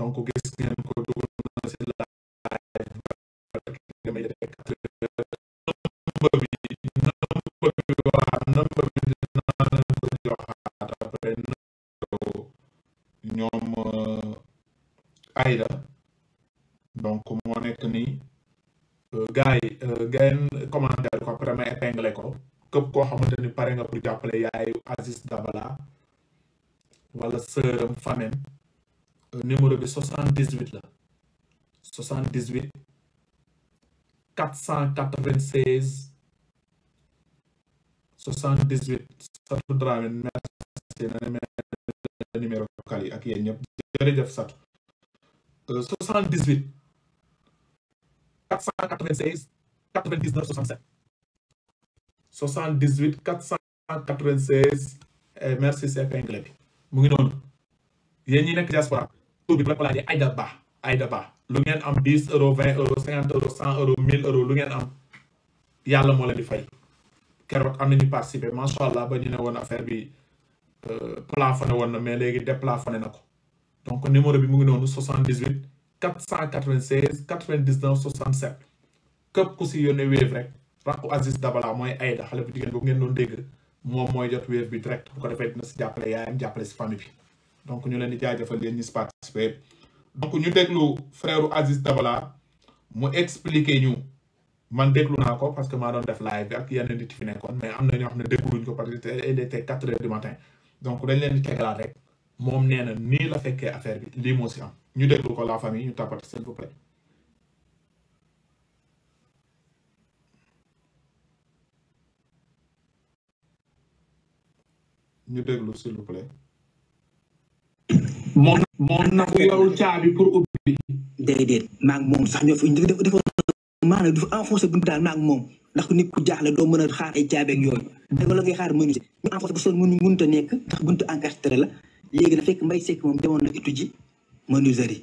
donc gis ngeen ko dugg na si laaj nga may def nombre bi nombre bi waa nombre bi dinaa leen ko joxaat après ñoom Aïda donc moo nekk nii gars yi ngeen commentaire ko après ma épinglé ko képp koo xamante ni pare nga pour jàppale yaayu Aziz Dabala wala sëram famem numéro bi 78 la 78 496 78 Satou Dramé merci na ne numéro vocal ak yéen ñëpp jërëjëf Satou 78 496 99 67 78 bi mu ngi noonu yéen ñi nekk diaspora tur bi bu la ko laajee Aïda Ba Aïda Ba lu ngeen am dix euros vingt euros cinquante euros cent euros mille euros lu ngeen am yàlla moo leen fay keroog am nañu participer macha allah ba ñu ne woon affaire bi euh, plafonné woon na mais léegi déplafonné na ko donc numéro bi mu ngi noonu 78 496 99 67 képp ku si yónnee wéef rek rakku Aziz Dabala mooy Aïda xale bu jigéen bu ngeen doon dégg moom mooy jot wéef bi direct bu ko defee dina donc ñu leen di jaajëfal yéen ñi participer donc ñu déglu frère Aziz Dabala mu expliquer ñu man déglu naa parce que ma doon def live y ak une nit fi nekkoon mais amener na ñoo xam ne ko parce que il était quatre heures du matin donc dañ leen di tegalaat rek moom nee ni la fekkee affaire bi lii ñu déglu ko la famille ñu tàppati s'il vous plaît. ñu déglu s'il vous plaît. moom moom nagu yorul caabi pour ubbi. déedéet maag moom sax ñoo fi dafa dafa maanaam dafa enfoncé buntu daal maag moom ndax nit ku jaaxle doo mën a xaar ay caabi ak yooyu. danga la koy xaar mënu si ñu enfoncé bu soon mënu mënut a nekk ndax buntu encastré la léegi dafa fekk mbay sekk moom demoon na étude ji menuiserie.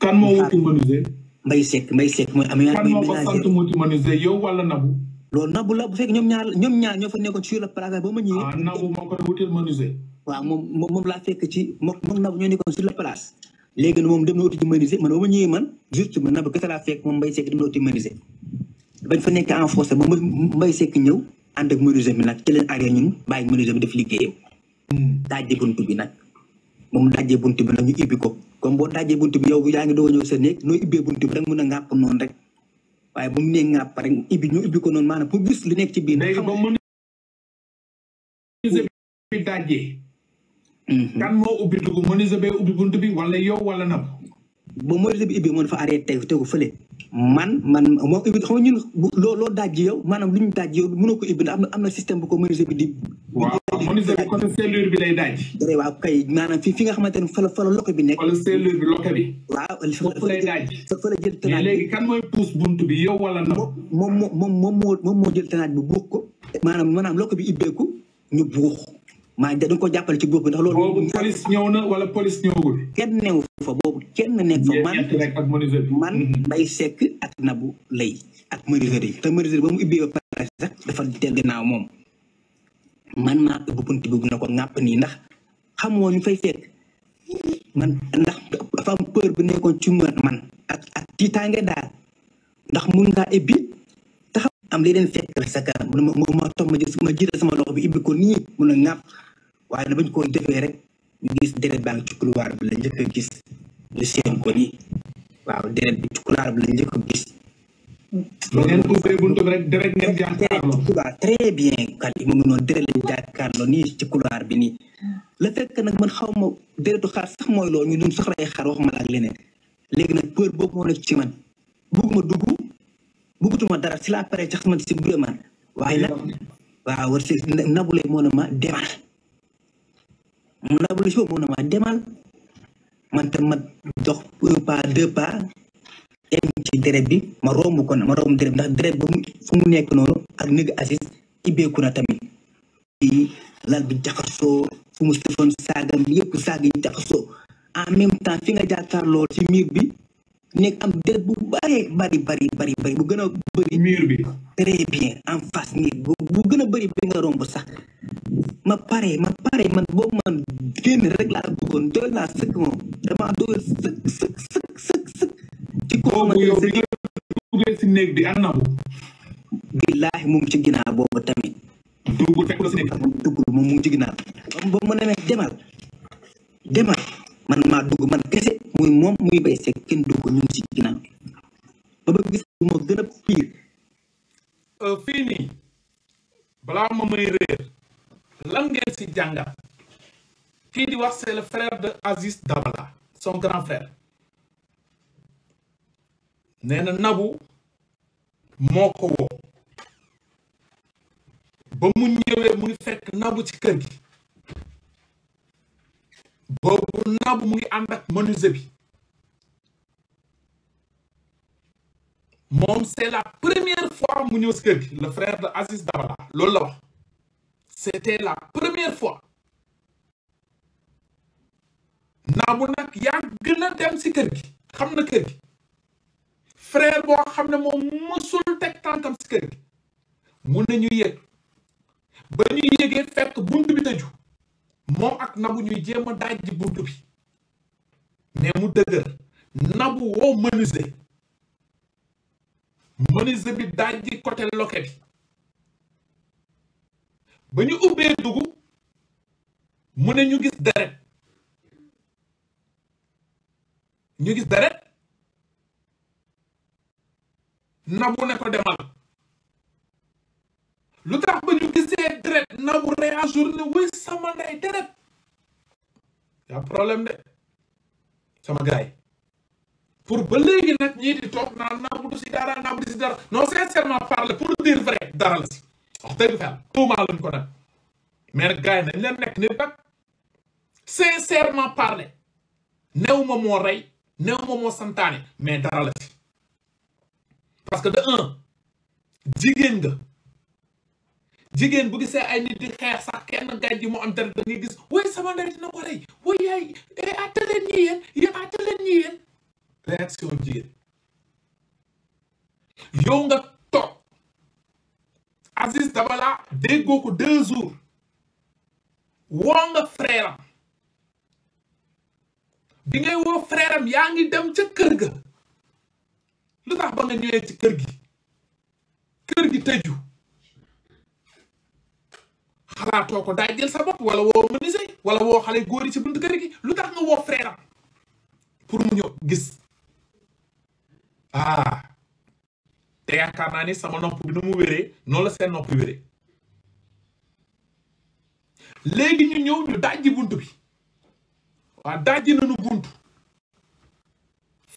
kan moo wuti menuisier. mbay sekk mbay sekk mooy am. kan moo ko sant mu wuti menuisier yow wala nabu. loolu nabu la bu waaw moom moom laa fekk ci moom moom na ñoo nekkoon sur la place léegi nag moom dem na uti ci man ba ma ñëwee man juste man na ba kese laa fekk na uti menuisier nekk en hmm. ko comme boo dajjee bunt bi yow yaa ngi doog a ñëw sa néeg noo bi a noonu rek waaye ba mu nee ngàpp rek ibbi ñu ibbi ko noonu maanaam pour gis li nekk ci biir. léegi Mm-hmm. kan moo ubbi dugg menuisier bee ubbi bunt bi wala yow wala na. ba menuisier bi ubbi mën fa arrêté tegu fële. man man moo ko ubbi xam nga ñun loo loo daaj yow maanaam lu ñu daaj yow mënoo ko ubbi am na am na système bu ko menuisier bi di. waaw menuisier bi côté cellule bi lay daaj. dëgg waaw kay maanaam fi fi nga xamante ne fa la fa la loxo bi nekk. wala cellule bi loxo bi. waaw li fa lay daaj. fa la jël tanaat bi léegi kan mooy pousse bunt bi yow wala na. moom moom moom moo moom moo jël tanaat bi buux ko. maanaam maanaam loxo bi ubbeeku ñu buux. maa da nga ko jàppale ci góob bi ndax loolu. boobu police ñëw na wala police ñëwagul. kenn newu fa boobu kenn nekk fa man. man mhm. Mbaye Seck ak Nabou Leye ak menuiserie yi. te menuiserie ba mu ubbee ba pare sax dafa teel gannaaw moom man maa ubbi bunt bi na ko ŋàpp nii ndax xamoo ñu fay fekk man ndax dafa am peur bu nekkoon ci man ak ak tiitaange daal ndax mun ngaa ubbi taxaw am li leen fekk sa kanam ma ma ma toog ma jël ma jiital sama loxo bi ubbi ko nii mun a ŋàpp. waaye bañ koo defee rek ñu gis deret baa ngi ci couloir bi la njëkk a gis couloir la njëkk a gis. ba ngeen ubbee buntu bi très bien kat mu ngi noonu deret lañ jàkkaarloo nii ci couloir bi nii. Hmm. la fekk nag man xaw ma déretu xaar sax mooy loolu ñu duñ soxlay xaar wax ma ak leneen léegi nag peur boobu moo nekk ci man bugguma dugg buggutuma dara si la pare sax man si bu man waaye nag waaw war si nabule moo ne ma demal mu labourer si demal man tam ma dox un pas deux pas ci deret bi ma romb ko ma romb deret ndax deret ba mu fu mu nekk noonu ak néeg Aziz ibbeeku na tamit lal bi jaxasoo fu mu sësoon saagam yëpp saag yi jaxasoo en même temps fi nga jàkkaarloo ci miir bi nekk am deret bu bari bari bari bari bu gën a bëri mur bien en face nii bu bu gën a bëri bi nga romb sax ma pare ma pare man boobu man génn rek laa bëggoon doyal laa sëkk moom dama doyal sëkk sëkk sëkk sëkk sëkk ci ko ma yow bi billaahi mu ngi ci ginnaaw boobu tamit dugg fekk la mu ci ginnaaw ba mu ne demal demal man maa dugg man kese muy moom muy bay sekk kenn dugg ñu ngi si ginnaaw ba ba gis moo gën a pire. Euh, balaa ma may réer lan ngeen si jàngat di wax c'est le de Aziz Dabala son grand frère nee na moo ko woo ba mu ñëwee mu ngi fekk Nabou ci kër gi. boobu noob mu ngi ànd ak menuisier bi moom c'est la première fois mu ñëw si kër gi le frère de Aziz Dabala loolu la wax c'était la première fois naabu nag yaa gën a dem si kër gi xam na kër gi frère boo xam ne moom mësul teg tànkam si kër gi mun nañu yëg ba ñu yëgee fekk bu moom ak nabu ñuy jéem a bunt bi ne mu dëgër nabu woo menuisier menuisier bi dajji côté loke bi ba ñu ubbee dugg mu ne ñu gis deret ñu gis deret nabu ne demal lu bañu dit ñu gisee deret nangu en journée wuy sama ndey a y'a problème de sama gars pour ba léegi nag ñii di toog naan vous du si dara vous du dara non sincèrement parler pour dire vrai dara la si wax dëgg fa vous lañ ko nag mais nag gars nañ leen nekk ni vous sincèrement parler de moo rey moo santaane mais dara la si parce que de un jigéen jigéen bu gisee ay nit di xeex sax kenn gàjji mu am dara da ngay gis way sama ndey dina ko rey way yaay atte eh, leen ñi yéen jigéen yow nga toog Aziz Dabala déggoo ko deux jours woo nga frère am bi ngay yaa ngi dem ca kër ga lu tax ba nga ñëwee ci kër gi kër gi tëju xalaatoo ko daay jël sa bopp wala woo menuisier wala woo xale góor yi ci buntu kër gi lu tax nga woo frère am pour mu ñëw gis ah te yaakaar naa ni sama nopp bi nu mu wéree noonu la seen nopp wéree léegi ñu ñëw ñu bunt bi waaw dajji nañu bunt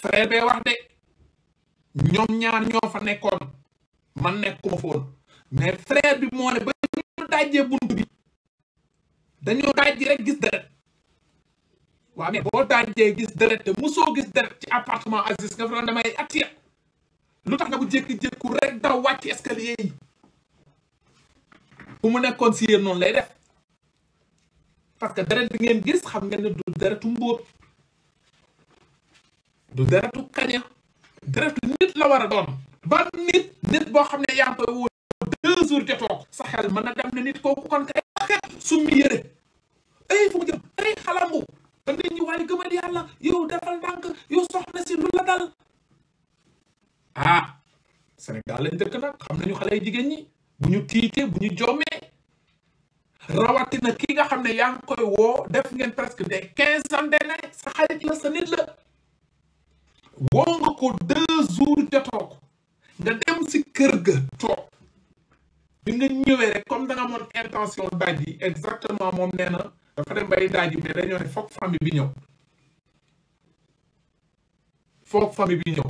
frère bee wax de ñoom ñaar ñoo fa nekkoon man nekkuma foon mais frère bi moo ne ba dajjee bunt bi dañoo dajji rek gis deret waaw mais boo dajjee gis deret te mosoo gis deret ci appartement Aziz nga fa doon damay attiya lu tax nga bu jékki-jékku rek daw wàcc escalier yi bu mu nekkoon si yéen noonu lay def parce que deret bi ngeen gis xam ngeen ne du deretu mbóot du deretu kaña deretu nit la war a doon ba nit nit boo xam ne yaa ngi koy woo deux jours te sa xel mën na dem ne nit kooku kon kay xeet summi yëre ay fu mu jëm ay xalambu da nit ñi waaye gëmal yàlla yow defal ndànk yow soxna si lu la dal ah Sénégal lañ dëkk nag xam nañu xale jigéen ñi bu ñu tiitee bu ñu jommee rawatina ki nga xam ne yaa ngi koy woo def ngeen presque des quinze ans dene sa xarit la sa nit la woo nga ko deux jours te nga dem si kër ga toog bi nga ñëwee rek comme da moon amoon intention daaj yi exactement moom nee na dafa dem bay daaj yi mais dañoo ne foog famille bi ñëw foog famille bi ñëw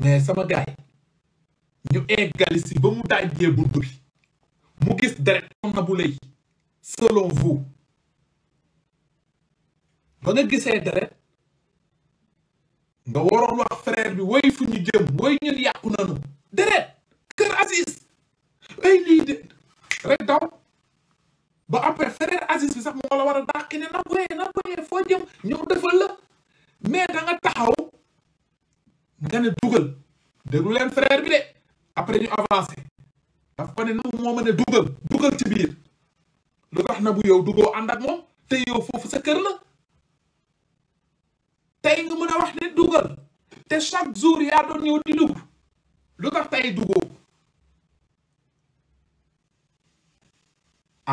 mais sama gaay ñu eggali si ba mu daajee bunt bi mu gis deret moom Nabou Leye selon vous ba nga gisee deret nga waroon wax frère bi woy fu ñu jëm woy ñun yàqu nanu déret kër Aziz ay lii de rek daw ba après frère Aziz bi sax moo la war a dàqi ne na koye na koye foo jëm ñëw defal la mais da nga taxaw nga ne dugal déglu leen frère bi de après ñu avancé daf ko ne na moo mën a dugal dugal ci biir lu tax na bu yow dugoo ànd ak moom te yow foofu sa kër la tey nga mën a wax ne dugal te chaque jour yaa doon ñëw di dugg lu tax tey duggoo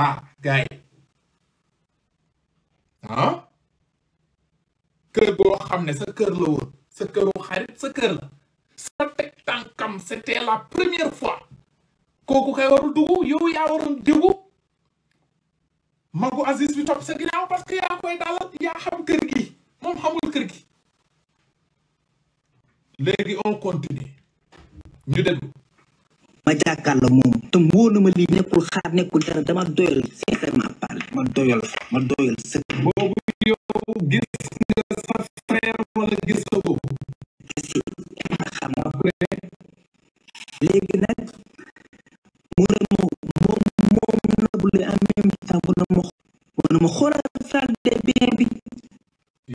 ah gars ah kër boo xam ne sa kër la woon sa këru xarit sa kër la sa teg tànkam c'était la première fois kooku kay warul dugg yow yaa waroon dugg magu Aziz bi topp sa ginnaaw parce que yaa koy dalal yaa xam kër gi moom xamul kër gi léegi on continue ñu déglu ma jàkkaarloo moom te wóor na ma lii nekkul xaar nekkul dama doyal sincèrement parlé ma doyal ma doyal sëg boobu moom moom nabu le mu ne ma mu ma xoolal salle de bain bi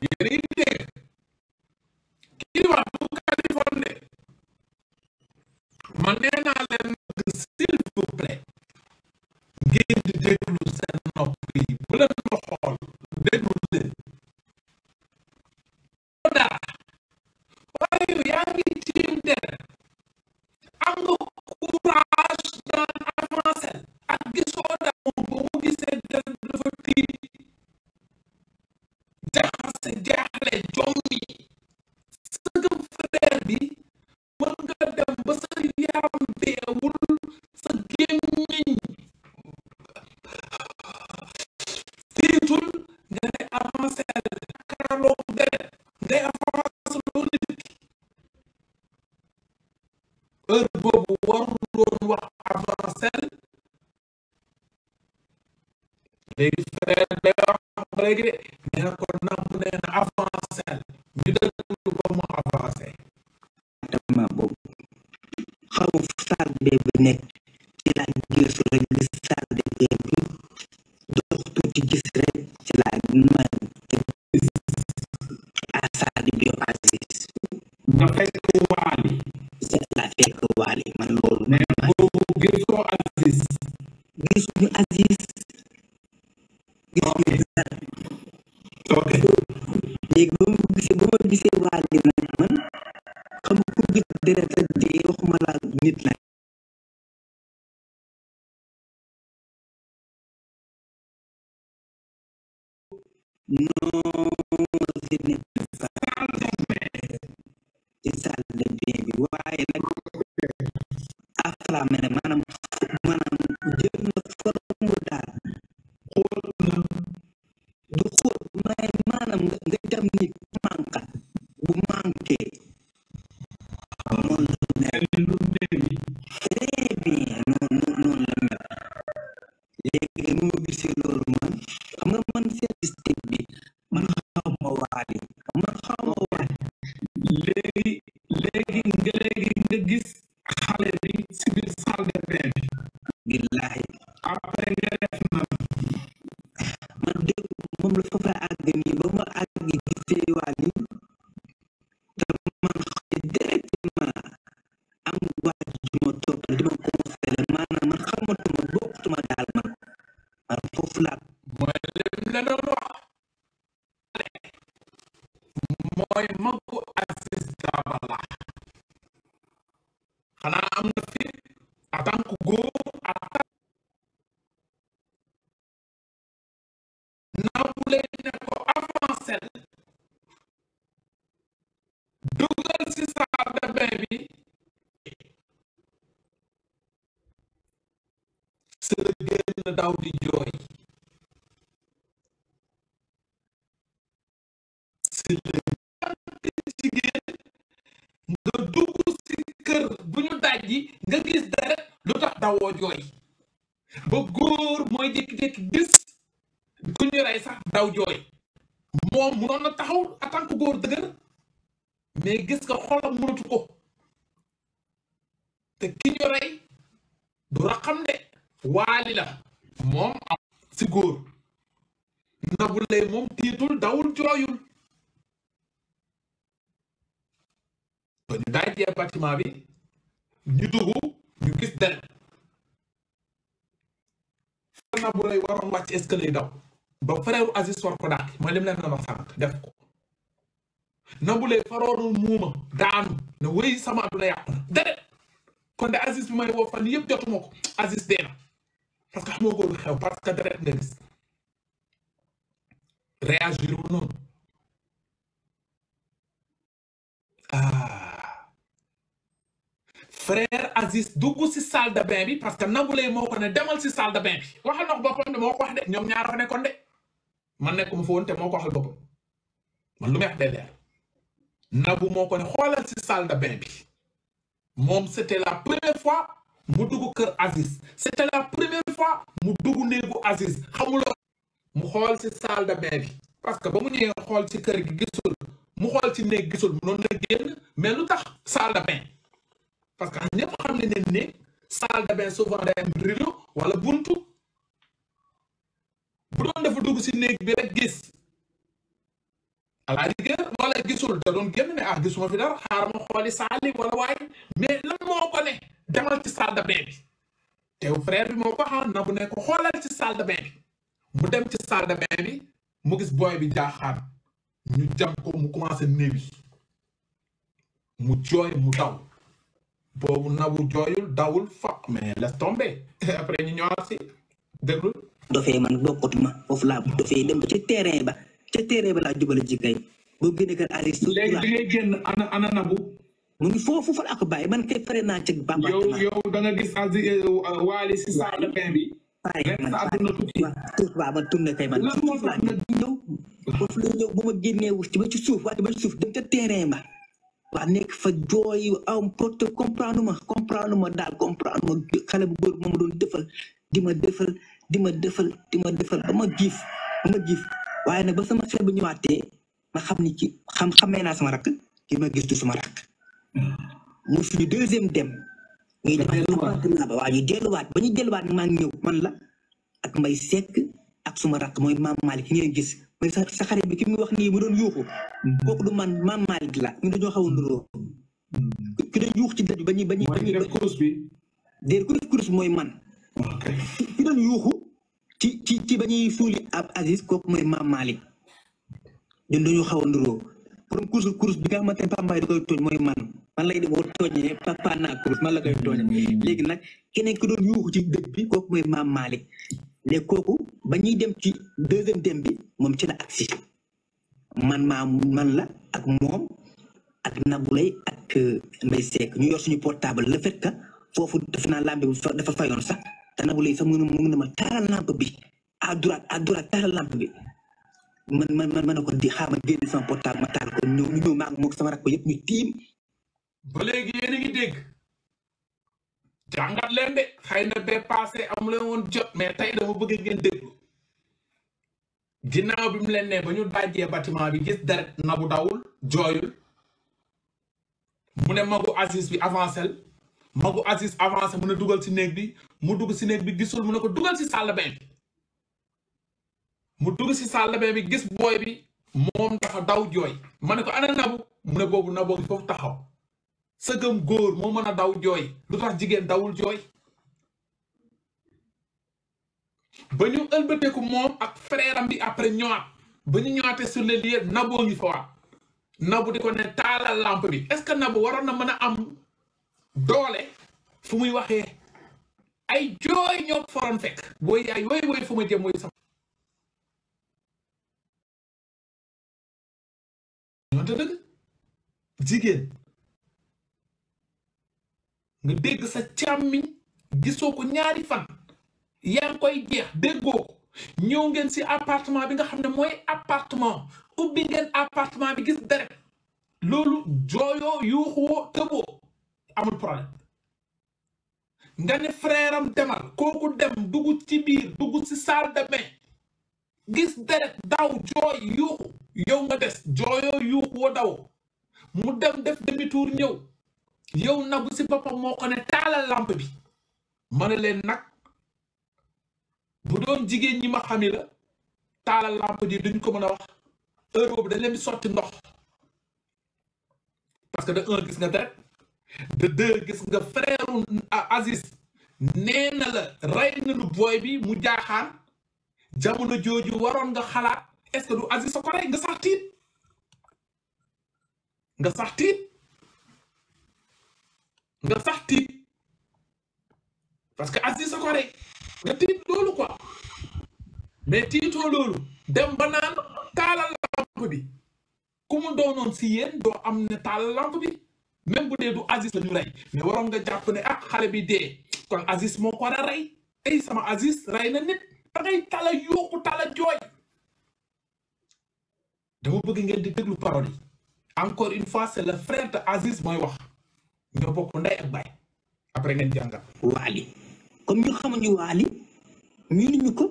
yéen yi dégg kii wax bu Californie man nee naa leen s'il di déglu seen bu leen ma xool nekk ci laa gisu rek gis salle de bain bi dox tuuti gis rek ci laa ma gis Sadio Diop Aziz fekk waali la man loolu nee na boobu gisoo Aziz gisuñu Aziz gisuñu dara léegi ba ma gisee ba ma gisee waali nag man xam ku gis deret rek dee waxuma laa nit nag no tiene sálveme y sálve bien bi waaye nag afflamé ne maanaam maanaam jël na forme daal xóot to go after. Now, Lady Nako Afonsen. Dougal sister the baby. So the girl without the joy. koo jooy ba góor mooy jékki-jékki gis ku ñu rey sax daw jooy moom munoon na taxaw en tant góor dëgër mais gis nga xolam mënatu ko te ki ñu rey du raxam de waali la moom am si góor Nabou Leye moom tiitul dawul jooyul ba ñu daajee bâtiment bi ñu dugg ñu gis deret naa bu lay waroon wàcc escalier daw ba frère Aziz war ko daate mooy lim leen na ma sànq def ko na bu lay faroorul muuma daanu na wéy sama àdduna yàqu na kon Aziz bi may woo fan yëpp jotuma Aziz dee na parce que xamoo lu xew parce que deret nga gis réagir noonu ah frère Aziz dougu si salle de bain bi parce que moko ne salle de bain bi waxal na de wax de de man te que waxal man lu meex leer salle de bain bi la première fois mu Aziz C'était la première fois mu Aziz mu salle de bain bi parce que ba mu ñëwee xol ci kër gi gisul mu la mais salle de bain. parce que ñëpp xam ne ne néeg salle de bain souvent day rideau wala buntu bu doon dafa dugg si néeg bi rek gis à la rigueur wala gisul da doon génn ne ah gisuma fi dara xaar ma xooli saali wala waay mais lan moo ko ne demal ci salle de bain bi teew frère bi moo ko xam na bu ne xoolal ci salle de bain bi mu dem ci salle de bain bi mu gis booy bi jaaxaan ñu jam ko mu commencé néewi mu jooy mu daw boobu nabu jooyul dawul fa mais laisse tomber après ñu ñëwaat si déglu. dofee laa dofee dem ba ca terrain ba ca terrain ba laa jubale ji kay boo génnee kër Alice. léegi bi ngay génn ana ana nabu. mu ngi foofu fa la ko bàyyi man kay pare naa ci bamba yow yow da nga gis as euh, euh, waali si saa la fin bi. pare man pare waaw man kay man. lan moo tax nag ñëw ba. waa nekk fa jooy am porte comprendre ma comprendre ma daal comprendre ma xale bu góor moom doon defal di ma defal di ma defal di ma defal ba ma giif ba ma giif waaye nag ba sama xel bi ñëwaatee ma xam ni ki xam xamee naa sama rakk ki ma gis du sama rakk mu suñu deuxième dem ñuy demaat ba waa ñu delluwaat ba ñu delluwaat maa ngi man la ak Mbaye Seck ak suma rakk mooy Maam Malick ki ngeen gis mais sa sa xarit bi ki muy wax nii mu doon yuuxu mm. kooku du man maam Malick la ñu dañoo xaw a nduroo mm. ki doon ci dëj bi ba ñuy ba mooy man ki yuuxu ci ci ci ba ñuy suuli ab Aziz kooku mooy maam Malick ñun dañoo xaw a nduroo borom kurus kurus bi nga xamante ne pambaay da koy tooñ mooy man man lay mm. léegi nag keneen ki doon kooku mooy maam léegi kooku ba ñuy dem ci deuxième dem bi moom ci la si man maa man la ak moom ak nabulay ak Mbaye euh, Seck ñu yor suñu portable le fait que foofu def naa lampe bi dafa fayoon sax te nabulay sax mu ngi ne ma taalal lampe bi à droite à droite taalal lampe bi man man man ma ne ko di xaama génne sama portable ma taal ko ñëw ñu ñëw maa moom sama rakk ko yëpp ñu tiim. ba léegi yéen a dégg. jàngat leen de xëy na bee passé amu leen woon jot mais tey dafa bëgg ngeen déglu ginnaaw bi mu leen ne ba ñu dajjee bâtiment bi gis deret nabu dawul jooyul mu ne magu Aziz bi avancé magu Aziz avancé mu ne dugal si néeg bi mu dugg si néeg bi gisul mu ne ko dugal si salle bain bi mu dugg si salle bain bi gis booy bi moom dafa daw jooy ma ne ko ana nabu mu ne boobu nabu foofu taxaw sëgëm góor moo mën a daw jooy lu tax jigéen dawul jooy ba ñu ëlbateeku moom ak frère bi après ñëwaat ba ñu ñëwaatee su les lieux naboo ngi fa waat nabu di ko ne taalal lampe bi est-ce waroon na mën a am doole fu muy waxee ay jooy ñoo foroon fekk booy yaay wooy wooy fu ma jëm mooy sama ñoonte dëgg jigéen nga dégg sa càmmiñ gisoo ko ñaari fan yaa ngi koy jeex déggoo ko ñëw ngeen si appartement bi nga xam ne mooy appartement ubbi ngeen appartement bi gis deret loolu jooyoo yuuxuwoo tëboo amul problème nga ne frère am demal kooku dem dugg ci biir dugg ci salle de gis deret daw jooy yuuxu yow nga des jooyoo yuuxuwoo daw mu dem def demi ñëw yow nag bu si boppam moo ko ne taalal làmp bi ma ne leen nag bu doon jigéen ñi ma xami la taalal làmp ji dañ ko mën a wax heure boobu dañ leen di sotti ndox parce que de un gis nga deret de deux gis nga frère Aziz nee na la rey na lu booy bi mu jaaxaan jamono jooju waroon nga xalaat est-ce que du Aziz sa ko rey nga sax tiit nga sax tiit nga sax tiit parce que Aziz sa ko rek nga tiit loolu quoi mais tiitoo loolu dem ba naan taalal lamp bi ku doonoon si yéen doo am ne taalal lamp bi même bu dee du Aziz la ñu rey mais waroon nga jàpp ne ak ah, xale bi dee kon Aziz moo ko war a sama Aziz rey na nit da ngay tala yooku tala jooy dama bëgg ngeen di déglu parole encore une fois c'est le frère de Aziz mooy wax ñoo bokk ndey ak baay après ngeen jàngal. waali comme ñu xamuñu waali ñu ko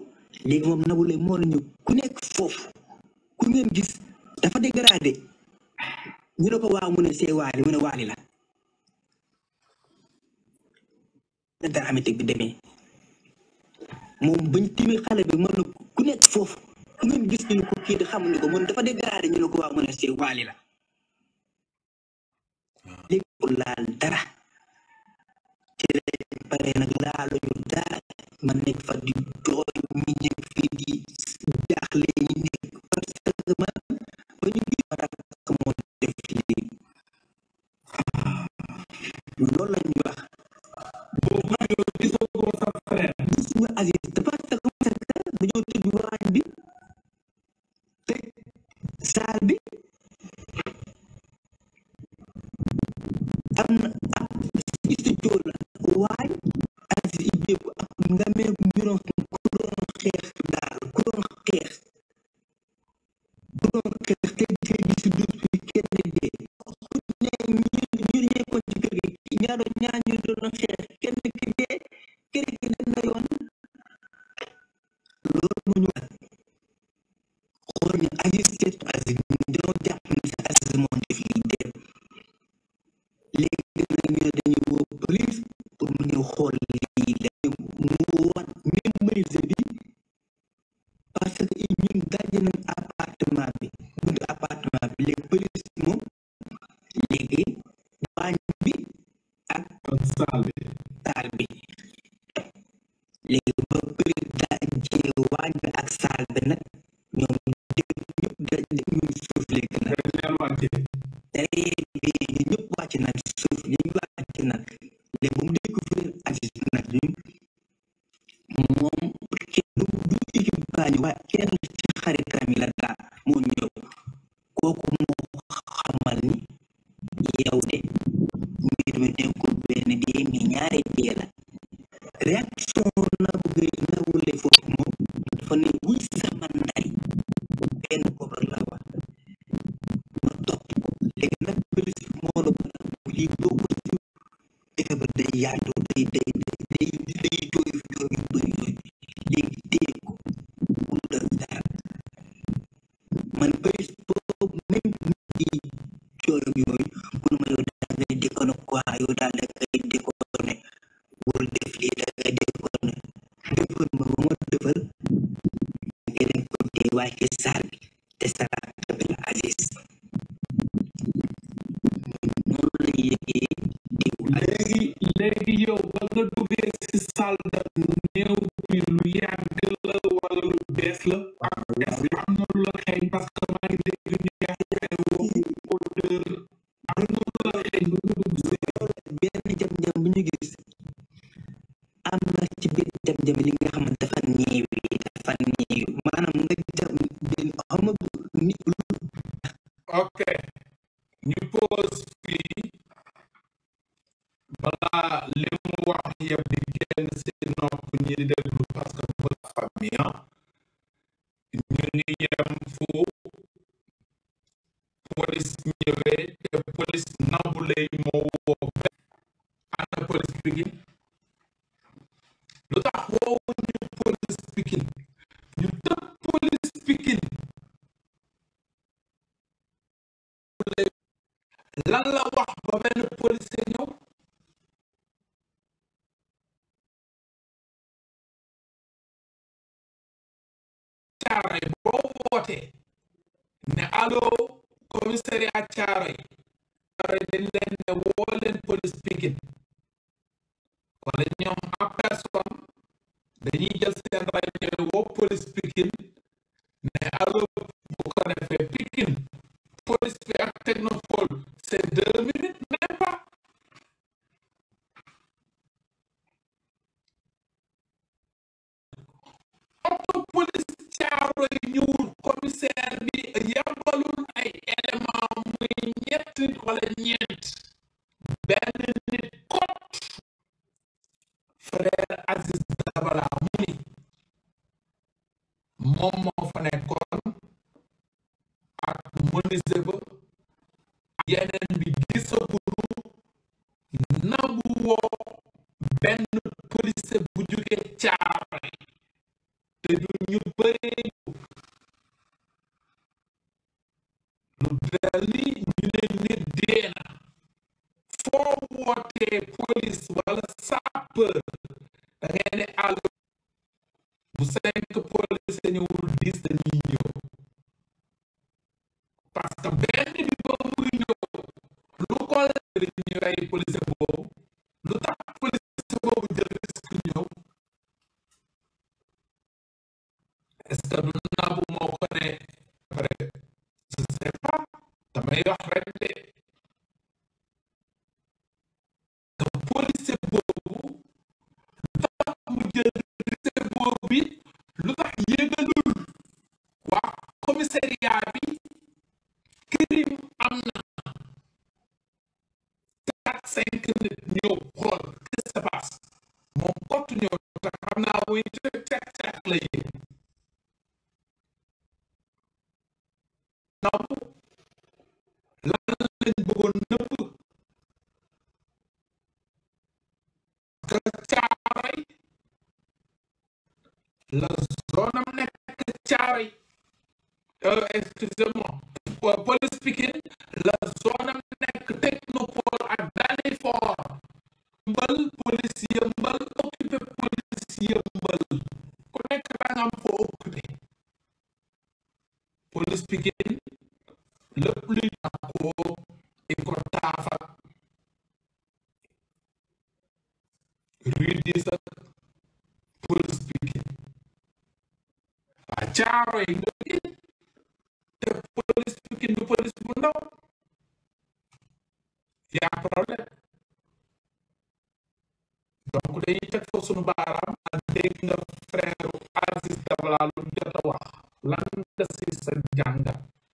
léegi moom Nabou moo ku nekk foofu ku ngeen gis dafa dégradé ñu ne ko waaw mu see waali la. dara bi demee moom bañ timi nekk foofu ku ngeen gis la. kullaaltara pare nak laalu ñu dara man nek fa di doy mi ñëk fi di jaxlé ni nek parce que man ba ñu di rak mo def li lo la lañ wax bo ma yo di so ko sa frère gis nga aziz sa tax parce que dañu tudd wañ bi te saal bi am ab studio la waaye Aziz Ibebu ak Ngamebu Miroton ku doon xeex daal ku xeex ku xeex te te di si duus bi kenn dee ñu ñu nekkoon ci kër gi ñaar ñaar ñu doon xeex wàcc nag suuf li ñu wàcc nag léegi bu mu découvrir Aziz nag ñun moom du du équipe baa ñu waaye ci xaritam yi la daal moo ñëw kooku comfortable dengan dewa Hesarbi terserah Abdul Aziz. Mulai léegi léegi yow ba nga duggee si salle de néew bi lu yàgg la wala lu bees la ak est ce que am na lu la xeeñ parce que maa ngi dégg ñu yàq ay odeur am na lu la xeeñ bu dugg si benn jam-jam bu ñu gis am na ci biir dem dem li nga xam ne dafa néewi dafa néewi nga dem xama nit lu ok ñu pause fii balaa li wax yëpp di génn si nopp ñi di déglu parce que pour la famille ah. ñu ngi yem fu police ñëwee te police Nabou moo woo ana police bi lu tax woowu ñu police Pikine ñu tëb police Pikine lan la wax ba benn policier ñëw caaray boo wootee ne allo commissariat caaray caaray dañ leen ne woo leen police Pikine wala ñoom en personne then he just stand right there, what police speaking, the other vocal effect picking, police acted no fall, said the minute member. Auto police charo ñuul commissaire bi yàmbalul ay élément muy ñett wala ñeent aí, por exemplo, la zone am nekk caaray euh, excusez-moi police Pikine